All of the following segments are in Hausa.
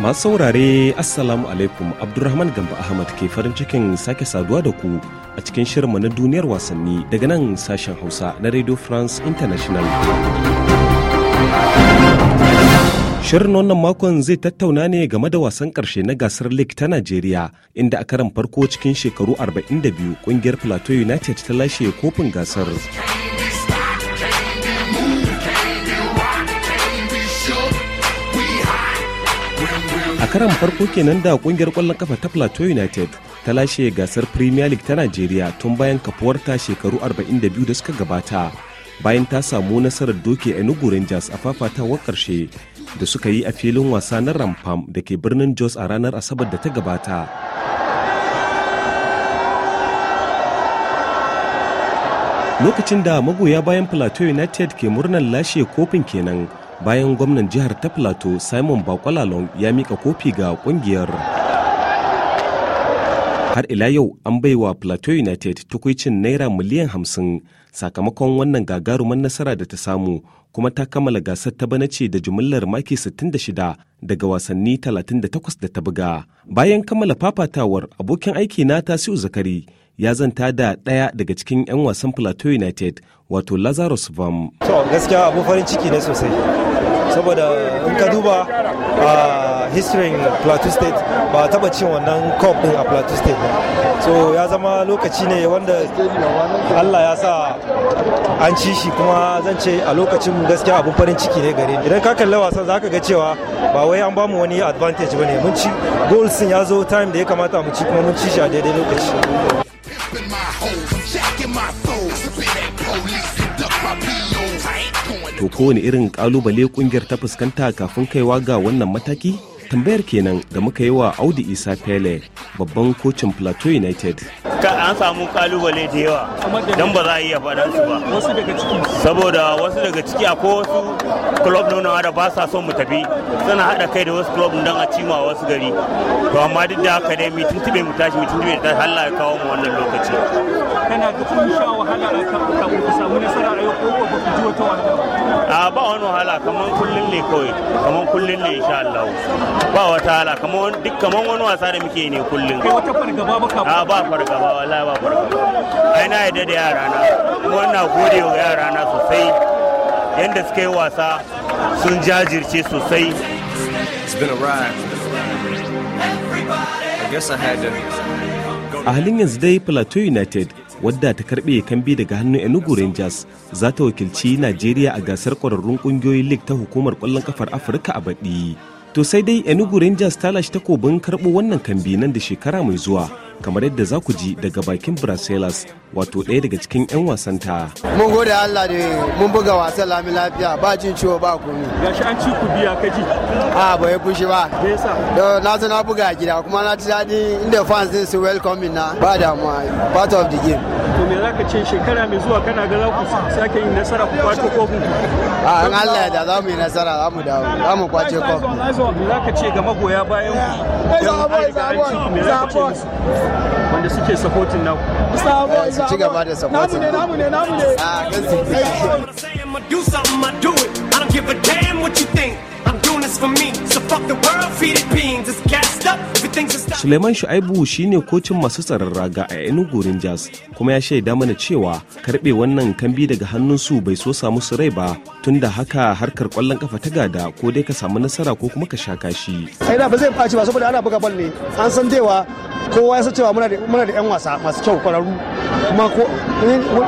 masu saurare assalamu alaikum abdulrahman gamba ahmad ke farin cikin sake saduwa da ku a cikin shirinmu na duniyar wasanni daga nan sashen hausa na radio france international Shirin wannan makon zai tattauna ne game da wasan karshe na gasar League ta Najeriya, inda a karan farko cikin shekaru 42 kungiyar Plateau United ta lashe kofin gasar. karan farko kenan da kungiyar kwallon kafa ta plateau united ta lashe gasar premier league ta najeriya tun bayan kafuwar ta shekaru 42 da suka gabata bayan ta samu nasarar doke enugu rangers a fafatawar karshe da suka yi a filin wasa na rampam da ke birnin jos a ranar asabar da ta gabata lokacin da magoya bayan plateau united ke murnar lashe kofin kenan bayan gwamnan jihar ta plateau simon bakwalalon ya mika kofi ga kungiyar har ila yau an baiwa plateau united tukwicin naira miliyan hamsin sakamakon wannan gagaruman nasara da ta samu kuma ta kammala gasar ta bana ce da jimillar maki 66 daga wasanni 38 da ta buga bayan kammala fafatawar abokin aiki na tasiu zakari ya zanta da ɗaya daga cikin 'yan wasan plateau united wato lazarus vam to gaskiya abu farin ciki ne sosai saboda in ka duba a history plateau state ba taba cin wannan cup din a plateau state so ya zama lokaci ne wanda allah ya sa an ci shi kuma zan ce a lokacin gaskiya abin farin ciki ne gare ni idan ka kalla wasan za ka ga cewa ba wai an bamu wani advantage ba ne mun ci goals ya zo time da ya kamata mu ci kuma mun ci shi a daidai lokaci to kowane irin kalubale kungiyar ta fuskanta kafin kaiwa ga wannan mataki tambayar kenan da muka yi wa audi isa pele babban kocin plateau united an samu kalubale da yawa don ba za a iya faɗan su ba saboda wasu daga ciki a wasu club nuna da ba sa son mu tafi suna haɗa kai da wasu club don a cima wasu gari to amma duk da haka dai mu tuntube mu tashi mu tuntube da tashi ya kawo mu wannan lokaci kana ga sha wahala a kan ku samu nasara a yau ko ba ku ji wata wahala a ba wani wahala kamar kullun ne kawai kamar kullun ne insha Allah ba wata hala kamar duk wani wasa da muke ne kullum ba wata fargaba ba ka ba fargaba wallahi ba fargaba ai na yadda da yara na kuma ina gode wa yara na sosai yanda suka yi wasa sun jajirce sosai a halin yanzu dai plateau united wadda ta karbe kambi daga hannun enugu rangers za ta wakilci najeriya a gasar kwararrun kungiyoyin league ta hukumar kwallon kafar afirka a baɗi to sai dai enugu rangers ta lashe takobin karbo wannan kambi nan da shekara mai zuwa kamar yadda za ku ji daga bakin Bracelas wato ɗaya daga cikin 'yan wasanta. Mun gode Allah da mun buga wasan lami lafiya ba jin ciwo ba komi. Gashi an ci ku biya ka ji. A bai fushi ba. Me yasa? Da na zo na buga gida kuma na ji daɗi inda fans din su welcoming na ba damuwa part of the game. To me za ka ce shekara mai zuwa kana ga za ku sake yin nasara ku kwace kofin? A an Allah da za mu yi nasara za mu dawo za mu kwace kofin. Me za ka ce ga magoya bayan ku? Sabon sabon. wanda suke supporting naku su ci gaba da supporting namu ne namu ne ah, Suleiman Shu'aibu shine kocin masu tsaron raga a Enugu Rangers kuma ya shaida mana cewa karbe wannan kambi daga hannunsu bai so samu su rai ba tun da haka harkar kwallon kafa ta gada ko dai ka samu nasara ko kuma ka sha kashi. Sai ba zai faci ba saboda ana buga bal ne an san cewa kowa ya san cewa muna da 'yan wasa masu kyau kwararru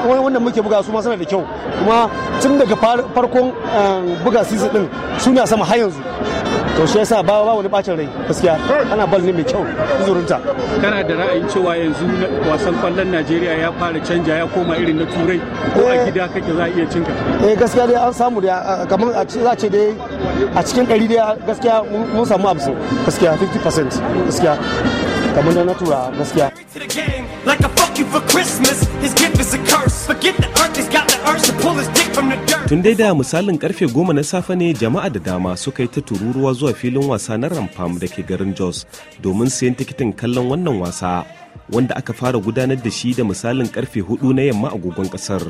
kuma wanda muke buga su masu suna da kyau kuma tun daga farkon eh, buga sisi din suna sama har yanzu to shi yasa ba ba wani bacin rai gaskiya ana bal ne mai kyau zurunta kana da ra'ayin cewa yanzu wasan kwallon Najeriya ya fara canja ya koma irin na turai ko a eh. gida kake za a iya cinka eh gaskiya dai an samu da kamar a ce za ce dai a cikin 100 dai gaskiya mun samu abu gaskiya 50% gaskiya kamar na tura gaskiya Tun dai da misalin karfe goma na safe ne jama'a da dama suka yi ta tururuwa zuwa filin wasa na Rampam da ke garin Jos domin sayan tikitin kallon wannan wasa. wanda aka fara gudanar da shi da misalin karfe hudu na yamma agogon kasar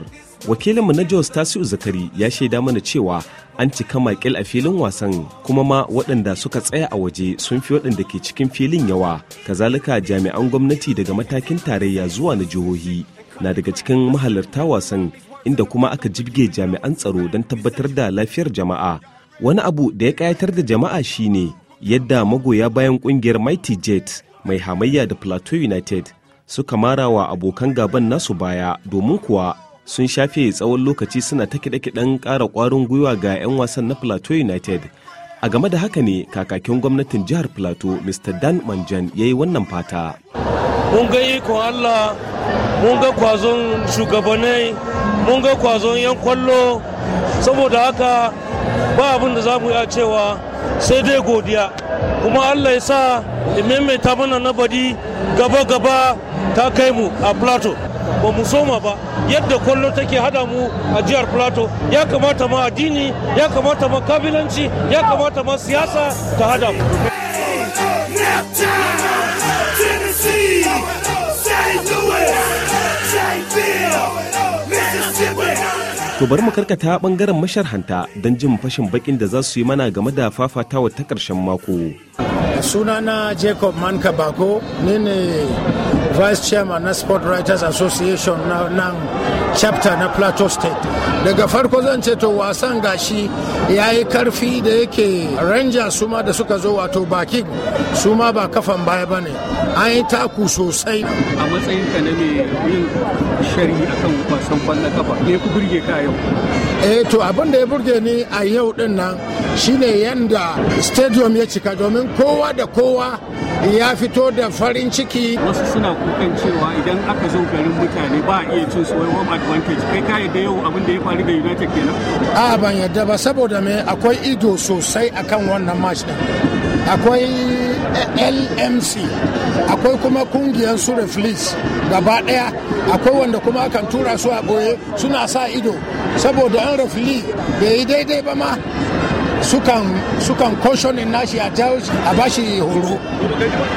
wakilinmu na jos tasiu zakari ya shaida mana cewa an cika makil a filin wasan kuma ma waɗanda suka tsaya a waje sun fi waɗanda ke cikin filin yawa kazalika jami'an gwamnati daga matakin tarayya zuwa na jihohi na daga cikin mahalarta wasan inda kuma aka jibge jami'an tsaro don tabbatar da lafiyar jama'a wani abu da ya kayatar da jama'a shine yadda magoya bayan kungiyar mighty jet mai hamayya da plateau united suka mara wa abokan gaban nasu baya domin kuwa sun shafe tsawon lokaci suna ta kiɗe-kiɗen ƙara ƙwarin gwiwa ga 'yan wasan na plateau united a game da haka ne kakakin gwamnatin jihar plateau mr dan manjan ya yi wannan fata mun ga ikon allah mun ga kwazon shugabanai mun ga kwazon 'yan kwallo saboda haka ba abin da za mu iya cewa sai dai godiya kuma allah ya sa ta mana na badi gaba-gaba ta kai mu a plato ba mu soma ba yadda kwallo take hada mu a jihar plato ya kamata ma addini ya kamata ma kabilanci ya kamata ma siyasa ta hada mu To bari mu karkata bangaren masharhanta don jin fashin bakin da za su yi mana game da fafatawa ta ƙarshen mako. Sunana Jacob Manka Bako, ne ne vice chairman na sport writers association na nan chapter na plateau state daga farko zan ce to wasan gashi ya yi karfi da yake ranger su ma da suka zo wato bakin su ma ba kafan baya ba ne an yi taku sosai a matsayin ka na mai yin shari akan wasan kwallon kafa ne ku burge ka yau eh to abin da ya burge ni a yau din nan shine yanda stadium ya cika domin kowa da kowa ya fito da farin ciki wasu suna kukan cewa idan aka zo garin mutane ba a iya cin su home advantage kai ka yadda yau abin da ya faru da united kenan a ban yadda ba saboda me akwai ido sosai akan wannan match din akwai lmc akwai kuma kungiyar su reflex gaba daya akwai wanda kuma akan tura su a boye suna sa ido saboda an refli bai yi daidai ba ma sukan sukan koshonin nashi a a bashi horo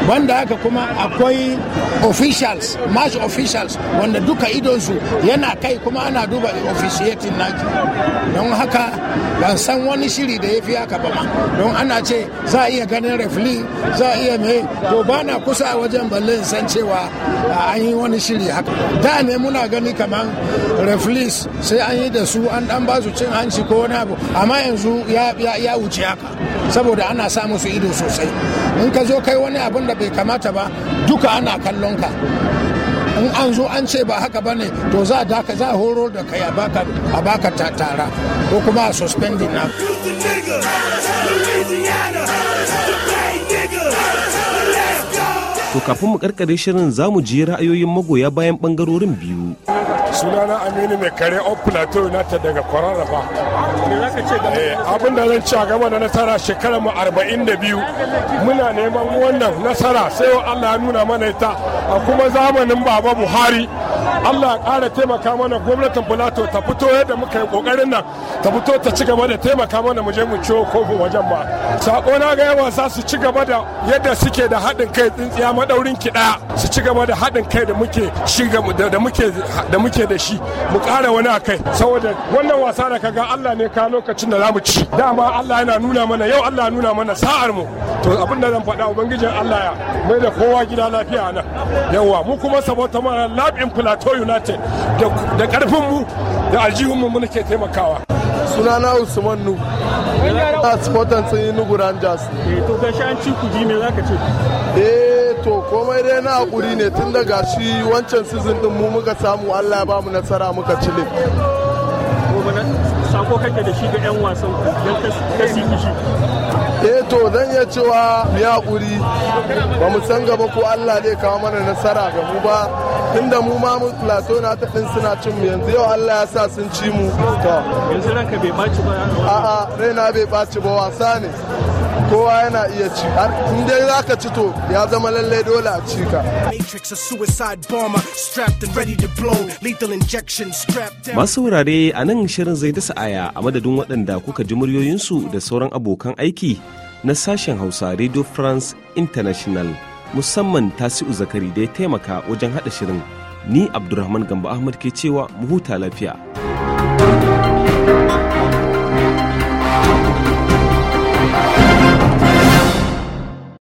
banda haka kuma akwai officials match officials wanda duka idonsu yana kai kuma ana duba officiating naki don haka ban san wani shiri da ya fi haka ba don ana ce za a iya ganin refli za a iya mai to ba na kusa a wajen balle san cewa an yi wani shiri haka da ne muna gani kamar reflis sai an yi da su an dan ba su cin hanci ko wani abu amma yanzu ya ya wuce haka saboda ana samun su ido sosai in ka zo kai wani abin da bai kamata ba duka ana kallon ka in an zo an ce ba haka bane to za daka za horo da kai a baka a baka tara ko kuma a suspending na To kafin mu karkare shirin za mu ji ra'ayoyin magoya bayan bangarorin biyu. sunana aminu mai kare of plateau ta daga kwararrafa eh, abin da zan ci a gaba da nasara shekarar mu 42 muna neman wannan nasara sai wa allah ya nuna mana ita a kuma zamanin baba buhari Allah ya ƙara taimaka mana gwamnatin Filato ta fito yadda muka yi ƙoƙarin nan ta fito ta ci gaba da taimaka mana mu je mu ciwo kofin wajen ba. Sako na ga yawa za su ci gaba da yadda suke da haɗin kai tsintsiya madaurin kiɗa su ci gaba da haɗin kai da muke da muke da shi mu ƙara wani a kai saboda wannan wasa da kaga Allah ne ka lokacin da za mu ci dama Allah yana nuna mana yau Allah nuna mana sa'ar mu to abin da zan faɗa ubangijin Allah ya mai da kowa gida lafiya nan yawa mu kuma sabota mana labin kula plateau united da karfinmu da aljihunmu mu ke taimakawa sunana usman nu a sportan yi nugu rangers eh, to ga shi an ci ku ji me zaka ce eh to komai dai na hakuri ne tun daga shi wancan season din mu muka samu allah ya ba mu nasara muka ci sako kake da shi ga 'yan wasan don kasi kishi eh to zan iya cewa ya hakuri ba mu san gaba ko allah zai kawo mana nasara ga mu ba tunda mu ma mu plateau na ta din suna cin mu yanzu yau Allah ya sa sun ci mu to yanzu ranka bai baci ba a'a raina bai baci ba wasa ne kowa yana iya ci har in dai zaka ci to ya zama lallai dole a ci ka. Masu wurare a nan shirin zai dasa aya a madadin waɗanda kuka ji muryoyinsu da sauran abokan aiki na sashen Hausa Radio France International. musamman tasi'u zakari da ya taimaka wajen hada shirin ni abdulrahman gamba ahmad ke cewa mu huta lafiya.